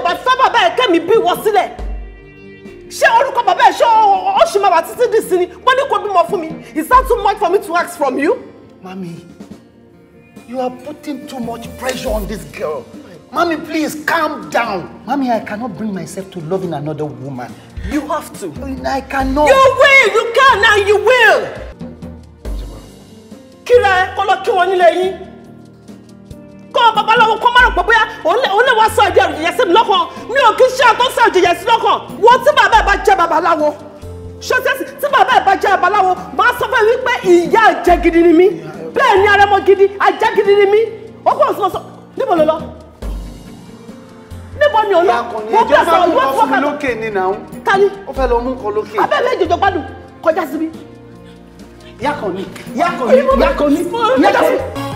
ò bá fẹ́ bàbá ẹ̀ kẹ́mi bí wọ sílẹ̀ ṣé orúkọ bàbá ẹ̀ ṣé ó ṣì máa wà títí dì sí ni wọ́n ní kó bímọ fún mi is that too much for me to ask from you. mami you are putting too much pressure on this girl mami please calm down mami i cannot bring myself to loving another woman. you have to. i cannot. you will you can and you will. kíra ẹ kọ́ kí wọn nílé yín kọ́ babaláwo kọ́ márùn-ún pọ̀ bóyá wá sọ èdè òjìyẹ sí mi lọ́kàn mi ò kí ṣe àtọ́ sọ òjìyẹ lọ́kàn wo tí bàbá ẹ̀ bá jẹ́ babaláwo ṣọ́tẹ́sì tí bàbá ẹ̀ bá jẹ́ babaláwo máa sọ fún mi pé ìyá àjẹ́ gidi ni mí bẹ́ẹ̀ ni arẹmọ gidi àjẹ́ gidi ni mí ó kọ́ sọ sọ níbo ló lọ níbo ni ò mo bẹ̀ sọ ìwọ fún ọkà ni nà ń kálí ó fẹ́ lókè ni yàkọ̀